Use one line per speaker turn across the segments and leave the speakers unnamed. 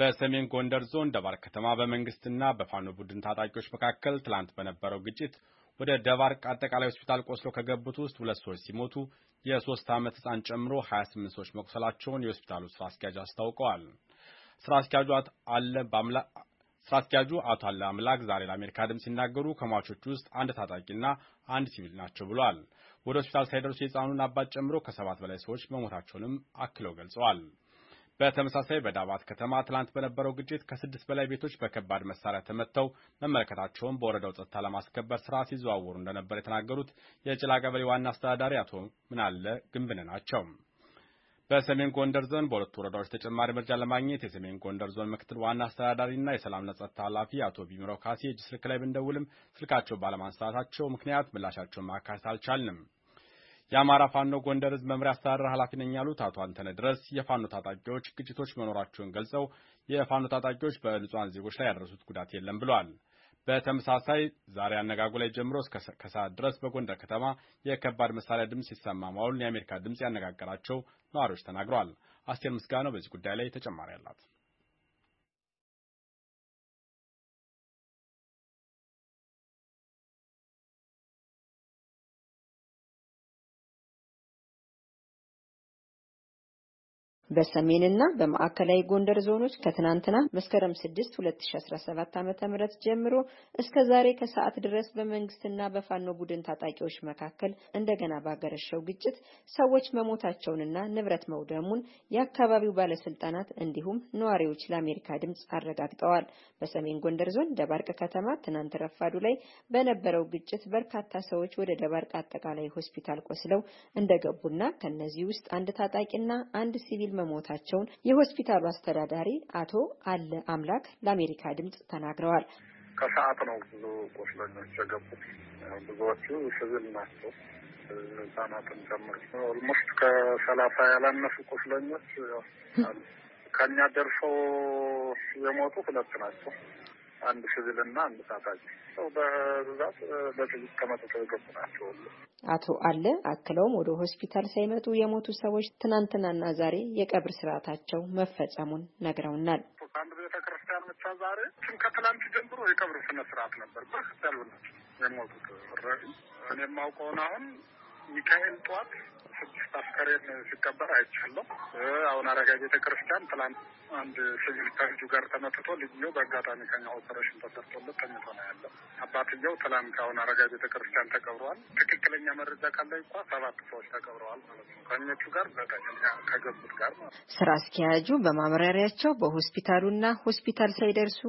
በሰሜን ጎንደር ዞን ደባር ከተማ በመንግስትና በፋኖ ቡድን ታጣቂዎች መካከል ትላንት በነበረው ግጭት ወደ ደባርቅ አጠቃላይ ሆስፒታል ቆስሎ ከገቡት ውስጥ ሁለት ሰዎች ሲሞቱ የሶስት ዓመት ህፃን ጨምሮ 28 ሰዎች መቁሰላቸውን የሆስፒታሉ ስራ አስኪያጅ አስታውቀዋል። ስራ አስኪያጁ አቶ አለ አምላክ ዛሬ ለአሜሪካ ድምፅ ሲናገሩ ከሟቾቹ ውስጥ አንድ ታጣቂና አንድ ሲቪል ናቸው ብሏል። ወደ ሆስፒታል ሳይደርሱ የህፃኑን አባት ጨምሮ ከሰባት በላይ ሰዎች መሞታቸውንም አክለው ገልጸዋል። በተመሳሳይ በዳባት ከተማ ትላንት በነበረው ግጭት ከስድስት በላይ ቤቶች በከባድ መሳሪያ ተመተው መመልከታቸውን በወረዳው ጸጥታ ለማስከበር ስራ ሲዘዋወሩ እንደነበር የተናገሩት የጭላ ቀበሌ ዋና አስተዳዳሪ አቶ ምናለ ግንብን ናቸው። በሰሜን ጎንደር ዞን በሁለቱ ወረዳዎች ተጨማሪ መረጃ ለማግኘት የሰሜን ጎንደር ዞን ምክትል ዋና አስተዳዳሪና የሰላምና ጸጥታ ኃላፊ አቶ ቢምሮ ካሴ እጅ ስልክ ላይ ብንደውልም ስልካቸው ባለማንሳታቸው ምክንያት ምላሻቸውን ማካተት አልቻልንም። የአማራ ፋኖ ጎንደር ህዝብ መምሪያ አስተዳደር ኃላፊ ነኝ ያሉት አቶ አንተነ ድረስ የፋኖ ታጣቂዎች ግጭቶች መኖራቸውን ገልጸው የፋኖ ታጣቂዎች በንጹሐን ዜጎች ላይ ያደረሱት ጉዳት የለም ብለዋል። በተመሳሳይ ዛሬ አነጋጉ ላይ ጀምሮ እስከ ከሰዓት ድረስ በጎንደር ከተማ የከባድ መሳሪያ ድምፅ ሲሰማ ማዋሉን የአሜሪካ ድምፅ ያነጋገራቸው ነዋሪዎች ተናግረዋል። አስቴር ምስጋናው በዚህ ጉዳይ ላይ ተጨማሪ አላት።
በሰሜንና በማዕከላዊ ጎንደር ዞኖች ከትናንትና መስከረም 6 2017 ዓ.ም ጀምሮ እስከ ዛሬ ከሰዓት ድረስ በመንግስትና በፋኖ ቡድን ታጣቂዎች መካከል እንደገና ባገረሸው ግጭት ሰዎች መሞታቸውንና ንብረት መውደሙን የአካባቢው ባለስልጣናት እንዲሁም ነዋሪዎች ለአሜሪካ ድምፅ አረጋግጠዋል። በሰሜን ጎንደር ዞን ደባርቅ ከተማ ትናንት ረፋዱ ላይ በነበረው ግጭት በርካታ ሰዎች ወደ ደባርቅ አጠቃላይ ሆስፒታል ቆስለው እንደገቡና ከነዚህ ውስጥ አንድ ታጣቂና አንድ ሲቪል መሞታቸውን የሆስፒታሉ አስተዳዳሪ አቶ አለ አምላክ ለአሜሪካ ድምጽ ተናግረዋል። ከሰዓት
ነው ብዙ ቁስለኞች የገቡት። ብዙዎቹ ሲቪል ናቸው ህጻናትን ጨምር። ኦልሞስት ከሰላሳ ያላነሱ ቁስለኞች ከእኛ ደርሰው የሞቱ ሁለት ናቸው። አንድ ሲቪል እና አንድ ታጣቂ ሰው በብዛት በፊዚክ ከመቶ የገቡ ናቸው።
አቶ አለ አክለውም ወደ ሆስፒታል ሳይመጡ የሞቱ ሰዎች ትናንትናና ዛሬ የቀብር ስርዓታቸው መፈጸሙን ነግረውናል። አንድ ቤተ
ክርስቲያን ብቻ ዛሬ ችም ከትላንት ጀምሮ የቀብር ስነ ስርዓት ነበር። በክርስቲያኑ ናቸው የሞቱት። እኔ የማውቀውን አሁን ሚካኤል ጠዋት ስድስት አስከሬን ሲቀበር አይቻለሁ። አሁን አረጋ ቤተ ክርስቲያን ትላንት አንድ ሲቪል ከልጁ ጋር ተመትቶ ልጅየው በአጋጣሚ ከኛ ኦፐሬሽን ተሰርቶለት ተኝቶ ነው ያለው። አባትየው ትላንት አሁን አረጋ ቤተ ክርስቲያን ተቀብረዋል። ትክክለኛ መረጃ ካለ እንኳ ሰባት ሰዎች ተቀብረዋል ማለት ነው ከኞቹ ጋር ከገቡት ጋር ማለት
ስራ አስኪያጁ በማብራሪያቸው በሆስፒታሉና ሆስፒታል ሳይደርሱ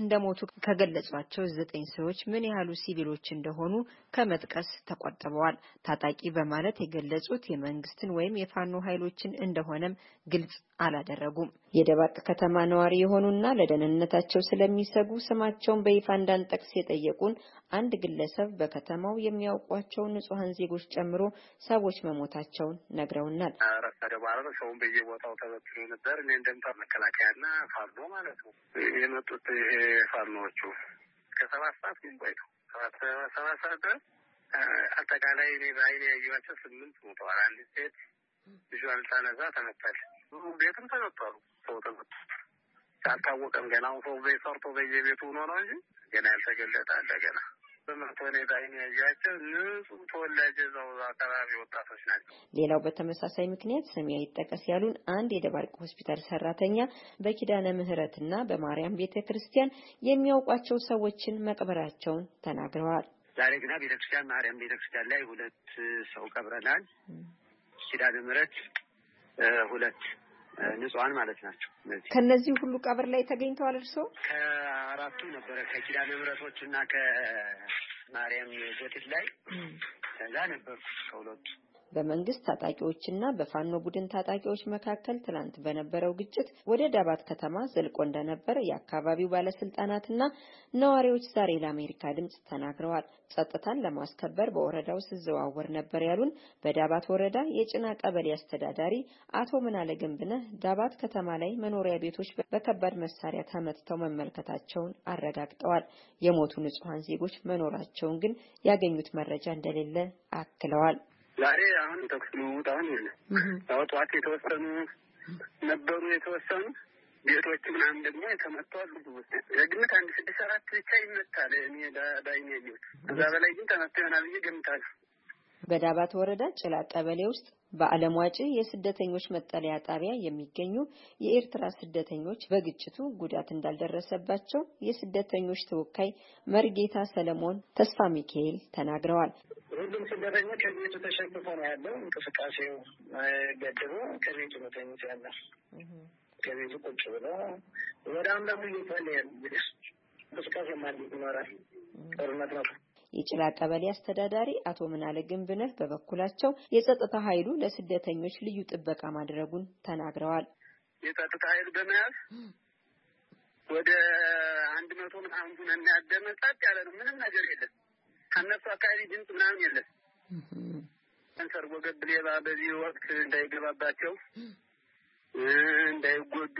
እንደሞቱ ከገለጿቸው ዘጠኝ ሰዎች ምን ያህሉ ሲቪሎች እንደሆኑ ከመጥቀስ ተቆጥበዋል። ታጣቂ በማለት የገለጹት የመንግስትን ወይም የፋኖ ኃይሎችን እንደሆነም ግልጽ አላደረጉም። የደባርቅ ከተማ ነዋሪ የሆኑና ለደህንነታቸው ስለሚሰጉ ስማቸውን በይፋ እንዳንጠቅስ የጠየቁን አንድ ግለሰብ በከተማው የሚያውቋቸው ንጹሐን ዜጎች ጨምሮ ሰዎች መሞታቸውን ነግረውናል።
ረፈደ በኋላ ሰውን በየቦታው ተበትኖ ነበር። እኔ እንደምታ መከላከያና ፋኖ ማለት ነው የመጡት ይሄ ፋኖዎቹ ከሰባት ሰባት ሰዓት ግን ቆይተው ሰባት ሰባት ሰዓት ድረስ አጠቃላይ እኔ በአይኔ ያየኋቸው ስምንት ሞተዋል። አንድ ሴት ልጇን ሳነሳ ተመታል። ቤትም ተመጠሩ ሰው ተመጡ አልታወቀም። ገና ሰው ቤት ሰርቶ በየቤቱ ሆኖ ነው እንጂ ገና ያልተገለጠ አለ። ገና በመቶ እኔ በአይኔ ያየኋቸው ንጹህ ተወላጅ እዛው አካባቢ ወጣቶች ናቸው።
ሌላው በተመሳሳይ ምክንያት ስሜ ይጠቀስ ያሉን አንድ የደባርቅ ሆስፒታል ሰራተኛ በኪዳነ ምሕረትና በማርያም ቤተ ክርስቲያን የሚያውቋቸው ሰዎችን መቅበራቸውን ተናግረዋል።
ዛሬ ግና ቤተክርስቲያን ማርያም ቤተክርስቲያን ላይ ሁለት ሰው ቀብረናል። ኪዳነ ምሕረት ሁለት ንጹሐን ማለት ናቸው።
ከነዚህ ሁሉ ቀብር ላይ ተገኝተዋል። እርስዎ
ከአራቱ ነበረ ከኪዳነ ምሕረቶች እና ከማርያም ጎትት ላይ ከዛ ነበርኩ ከሁለቱ
በመንግስት ታጣቂዎችና በፋኖ ቡድን ታጣቂዎች መካከል ትላንት በነበረው ግጭት ወደ ዳባት ከተማ ዘልቆ እንደነበር የአካባቢው ባለስልጣናትና ነዋሪዎች ዛሬ ለአሜሪካ ድምጽ ተናግረዋል። ጸጥታን ለማስከበር በወረዳው ስዘዋወር ነበር ያሉን በዳባት ወረዳ የጭና ቀበሌ አስተዳዳሪ አቶ ምናለ ግንብነህ ዳባት ከተማ ላይ መኖሪያ ቤቶች በከባድ መሳሪያ ተመትተው መመልከታቸውን አረጋግጠዋል። የሞቱ ንጹሐን ዜጎች መኖራቸውን ግን ያገኙት መረጃ እንደሌለ አክለዋል።
ዛሬ አሁን ተኩስ ልውውጥ አሁን ሆነ። ያው ጠዋት የተወሰኑ ነበሩ የተወሰኑ ቤቶች ምናምን ደግሞ የተመቷል። የግምት አንድ ስድስት አራት ብቻ ይመታል። እኔ ዳይኔ ያየሁት እዛ በላይ ግን ተመቶ ይሆናል ብዬ ገምታለሁ።
በዳባት ወረዳ ጭላ ቀበሌ ውስጥ በዓለም ዋጭ የስደተኞች መጠለያ ጣቢያ የሚገኙ የኤርትራ ስደተኞች በግጭቱ ጉዳት እንዳልደረሰባቸው የስደተኞች ተወካይ መርጌታ ሰለሞን ተስፋ ሚካኤል ተናግረዋል።
ሁሉም ስደተኛ ከቤቱ ተሸንፍፎ ነው ያለው። እንቅስቃሴው ገድቦ ከቤቱ ነው ተኝቶ ያለው። ከቤቱ ቁጭ ብሎ ወደ አሁን ደግሞ እየተለ እንቅስቃሴ ማድረግ ይኖራል። ጦርነት ነው።
የጭላ ቀበሌ አስተዳዳሪ አቶ ምናለ ግንብነህ በበኩላቸው የጸጥታ ኃይሉ ለስደተኞች ልዩ ጥበቃ ማድረጉን ተናግረዋል። የጸጥታ ኃይሉ በመያዝ
ወደ አንድ መቶ ምናምን ቡና እናያደመ ጸጥ ያለ ነው። ምንም ነገር የለም። ከነሱ አካባቢ ድምፅ ምናምን የለም። ሰርጎ ገብ ሌባ በዚህ ወቅት እንዳይገባባቸው እንዳይጎዱ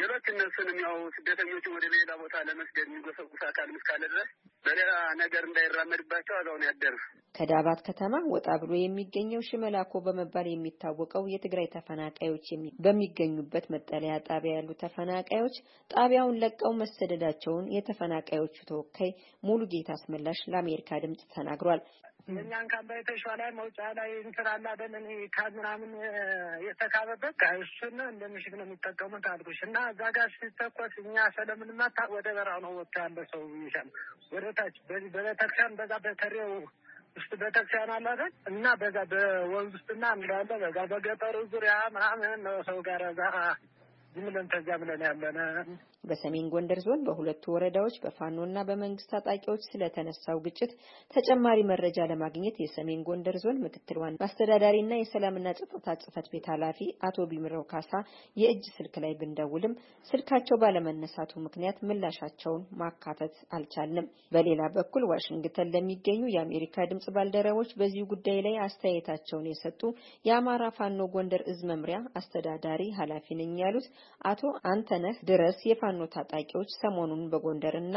ሌሎች እነሱንም ያው ስደተኞችን ወደ ሌላ ቦታ ለመስደድ የሚጎሰጉስ አካል እስካለ ድረስ በሌላ ነገር እንዳይራመድባቸው አዛውን ያደር።
ከዳባት ከተማ ወጣ ብሎ የሚገኘው ሽመላኮ በመባል የሚታወቀው የትግራይ ተፈናቃዮች በሚገኙበት መጠለያ ጣቢያ ያሉ ተፈናቃዮች ጣቢያውን ለቀው መሰደዳቸውን የተፈናቃዮቹ ተወካይ ሙሉ ጌታ አስመላሽ ለአሜሪካ ድምጽ ተናግሯል። እኛን
ካምባ ላይ መውጫ ላይ እንትን አለ አይደል? እኔ ካብ ምናምን የተካበበት እሱን እንደ ምሽግ ነው የሚጠቀሙት አልኩሽ። እና እዛ ጋር ሲተኮስ እኛ መታ ወደ በራ ነው ወጥቶ ያለ ሰው ይሻል ወደ ታች በቤተክርስቲያን በዛ በተሬው ውስጥ ቤተክርስቲያን አለ አይደል? እና በዛ በወንዝ ውስጥና እንዳለ በዛ በገጠሩ ዙሪያ ምናምን ነው ሰው ጋር ዛ ዝም ብለን ተዚያ ብለን ያለን
በሰሜን ጎንደር ዞን በሁለቱ ወረዳዎች በፋኖና በመንግስት ታጣቂዎች ስለተነሳው ግጭት ተጨማሪ መረጃ ለማግኘት የሰሜን ጎንደር ዞን ምክትል ዋና አስተዳዳሪና የሰላምና ጸጥታ ጽህፈት ቤት ኃላፊ አቶ ቢምረው ካሳ የእጅ ስልክ ላይ ብንደውልም ስልካቸው ባለመነሳቱ ምክንያት ምላሻቸውን ማካተት አልቻልንም። በሌላ በኩል ዋሽንግተን ለሚገኙ የአሜሪካ ድምጽ ባልደረቦች በዚህ ጉዳይ ላይ አስተያየታቸውን የሰጡ የአማራ ፋኖ ጎንደር እዝ መምሪያ አስተዳዳሪ ኃላፊ ነኝ ያሉት አቶ አንተነህ ድረስ የፋ የፋኖ ታጣቂዎች ሰሞኑን በጎንደርና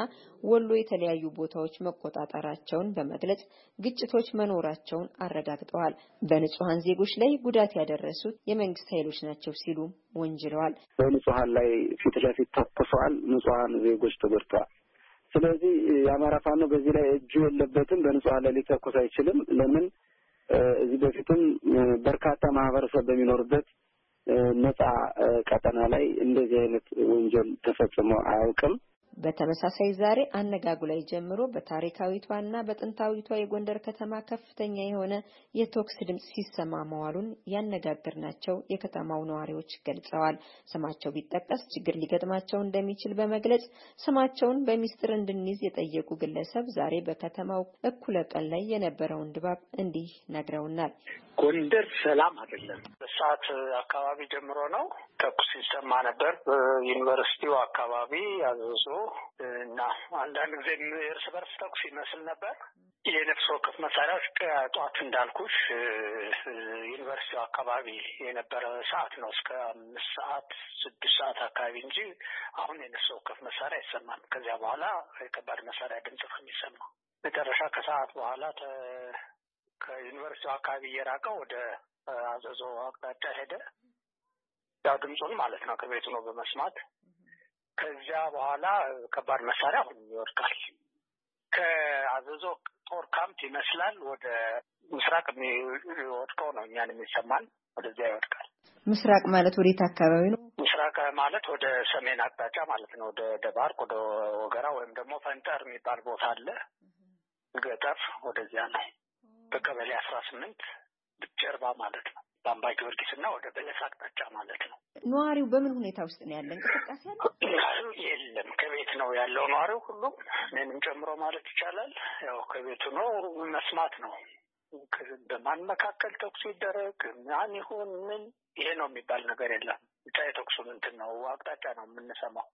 ወሎ የተለያዩ ቦታዎች መቆጣጠራቸውን በመግለጽ ግጭቶች መኖራቸውን አረጋግጠዋል። በንጹሐን ዜጎች ላይ ጉዳት ያደረሱት የመንግስት ኃይሎች ናቸው ሲሉ ወንጅለዋል።
በንጹሐን ላይ ፊት ለፊት ተኩሰዋል። ንጹሐን ዜጎች ተጎድተዋል። ስለዚህ የአማራ ፋኖ በዚህ ላይ እጁ የለበትም። በንጹሐን ላይ ሊተኩስ አይችልም። ለምን? እዚህ በፊትም በርካታ ማህበረሰብ በሚኖርበት ነፃ ቀጠና ላይ እንደዚህ አይነት ወንጀል ተፈጽሞ አያውቅም።
በተመሳሳይ ዛሬ አነጋጉ ላይ ጀምሮ በታሪካዊቷ እና በጥንታዊቷ የጎንደር ከተማ ከፍተኛ የሆነ የቶክስ ድምፅ ሲሰማ መዋሉን ያነጋገርናቸው የከተማው ነዋሪዎች ገልጸዋል። ስማቸው ቢጠቀስ ችግር ሊገጥማቸው እንደሚችል በመግለጽ ስማቸውን በሚስጥር እንድንይዝ የጠየቁ ግለሰብ ዛሬ በከተማው እኩለ ቀን ላይ የነበረውን ድባብ እንዲህ ነግረውናል።
ጎንደር ሰላም አይደለም። በሰዓት አካባቢ ጀምሮ ነው ተኩስ ይሰማ ነበር። ዩኒቨርሲቲው አካባቢ አዘዞ እና አንዳንድ ጊዜ እርስ በርስ ተኩስ ይመስል ነበር። የነፍስ ወከፍ መሳሪያዎች ጠዋት እንዳልኩሽ ዩኒቨርሲቲው አካባቢ የነበረ ሰዓት ነው እስከ አምስት ሰዓት ስድስት ሰዓት አካባቢ እንጂ አሁን የነፍስ ወከፍ መሳሪያ አይሰማም። ከዚያ በኋላ የከባድ መሳሪያ ድምጽ ነው የሚሰማው። መጨረሻ ከሰዓት በኋላ ከዩኒቨርሲቲው አካባቢ እየራቀ ወደ አዘዞ አቅጣጫ ሄደ። ያው ድምፁን ማለት ነው ከቤቱ ነው በመስማት ከዚያ በኋላ ከባድ መሳሪያ ሁሉ ይወድቃል። ከአዘዞ ጦር ካምፕ ይመስላል ወደ ምስራቅ የሚወድቀው ነው እኛን የሚሰማን ወደዚያ ይወድቃል።
ምስራቅ ማለት ወዴት አካባቢ ነው?
ምስራቅ ማለት ወደ ሰሜን አቅጣጫ ማለት ነው። ወደ ደባርቅ፣ ወደ ወገራ ወይም ደግሞ ፈንጠር የሚባል ቦታ አለ ገጠር፣ ወደዚያ ነው። በቀበሌ አስራ ስምንት ጀርባ ማለት ነው። በአምባ ጊዮርጊስ እና ወደ በለስ አቅጣጫ ማለት ነው።
ነዋሪው በምን ሁኔታ ውስጥ ነው ያለ? እንቅስቃሴ ያለ
የለም። ከቤት ነው ያለው ነዋሪው ሁሉም እኔንም ጨምሮ ማለት ይቻላል። ያው ከቤቱ ነው መስማት ነው። በማን መካከል ተኩሱ ይደረግ ማን ይሁን ምን ይሄ ነው የሚባል ነገር የለም። ብቻ የተኩሱ ምንትን ነው አቅጣጫ ነው የምንሰማው።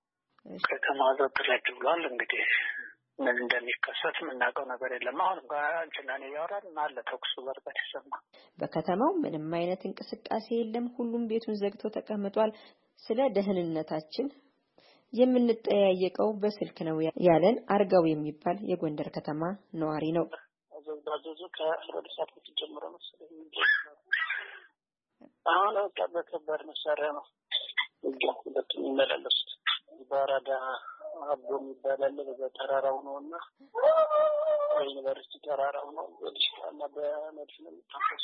ከተማ ዘብትላጅ ብሏል እንግዲህ ምን እንደሚከሰት የምናውቀው ነገር የለም። አሁንም ጋር አንችላን እያወራን አለ ተኩሱ በርበት ይሰማ።
በከተማው ምንም አይነት እንቅስቃሴ የለም። ሁሉም ቤቱን ዘግቶ ተቀምጧል። ስለ ደህንነታችን የምንጠያየቀው በስልክ ነው ያለን አርጋው የሚባል የጎንደር ከተማ ነዋሪ ነው።
ዘባዘዙ ከሮድሳት ጀምሮ መሰለኝ አሁን በከባድ መሳሪያ ነው ሁለቱም የሚመላለሱት በአራዳ አቦ የሚባላለ አለ። በዛ ተራራው ነው እና በዩኒቨርሲቲ ተራራው ነው በዲሽቃ እና በመድፍ ነው የሚታፈሱ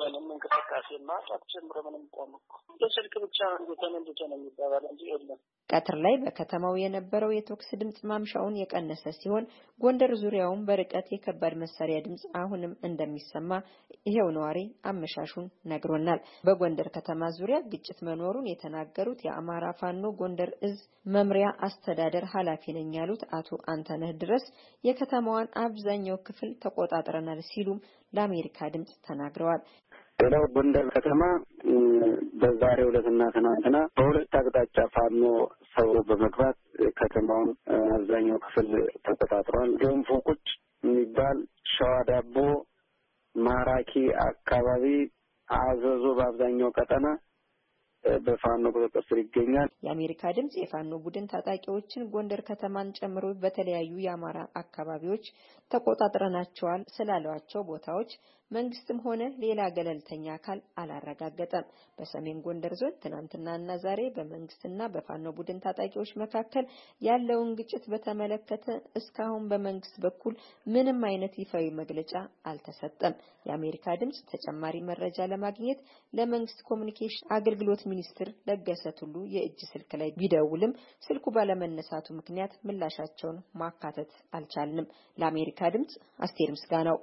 ምንም እንቅስቃሴማ ጀምሮ ምንም ቆመ። በስልክ ብቻ ተመልሶ ነው የሚባባል እንጂ የለም።
ቀትር ላይ በከተማው የነበረው የተኩስ ድምፅ ማምሻውን የቀነሰ ሲሆን ጎንደር ዙሪያውን በርቀት የከባድ መሳሪያ ድምፅ አሁንም እንደሚሰማ ይሄው ነዋሪ አመሻሹን ነግሮናል። በጎንደር ከተማ ዙሪያ ግጭት መኖሩን የተናገሩት የአማራ ፋኖ ጎንደር እዝ መምሪያ አስተዳደር ኃላፊ ነኝ ያሉት አቶ አንተነህ ድረስ የከተማዋን አብዛኛው ክፍል ተቆጣጥረናል ሲሉም ለአሜሪካ ድምጽ ተናግረዋል።
ሌላው ጎንደር ከተማ በዛሬው ዕለትና ትናንትና በሁለት አቅጣጫ ፋኖ ሰብሮ በመግባት ከተማውን አብዛኛው ክፍል ተቆጣጥሯል። ገንፎ ቁጭ የሚባል ሸዋ ዳቦ ማራኪ አካባቢ አዘዞ በአብዛኛው ቀጠና በፋኖ ቁጥጥር ስር ይገኛል።
የአሜሪካ ድምጽ የፋኖ ቡድን ታጣቂዎችን ጎንደር ከተማን ጨምሮ በተለያዩ የአማራ አካባቢዎች ተቆጣጥረናቸዋል ስላሏቸው ቦታዎች መንግስትም ሆነ ሌላ ገለልተኛ አካል አላረጋገጠም። በሰሜን ጎንደር ዞን ትናንትናና ዛሬ በመንግስትና በፋኖ ቡድን ታጣቂዎች መካከል ያለውን ግጭት በተመለከተ እስካሁን በመንግስት በኩል ምንም አይነት ይፋዊ መግለጫ አልተሰጠም። የአሜሪካ ድምጽ ተጨማሪ መረጃ ለማግኘት ለመንግስት ኮሚኒኬሽን አገልግሎት ሚኒስትር ለገሰ ቱሉ የእጅ ስልክ ላይ ቢደውልም ስልኩ ባለመነሳቱ ምክንያት ምላሻቸውን ማካተት አልቻልንም። ለአሜሪካ ድምጽ አስቴር ምስጋናው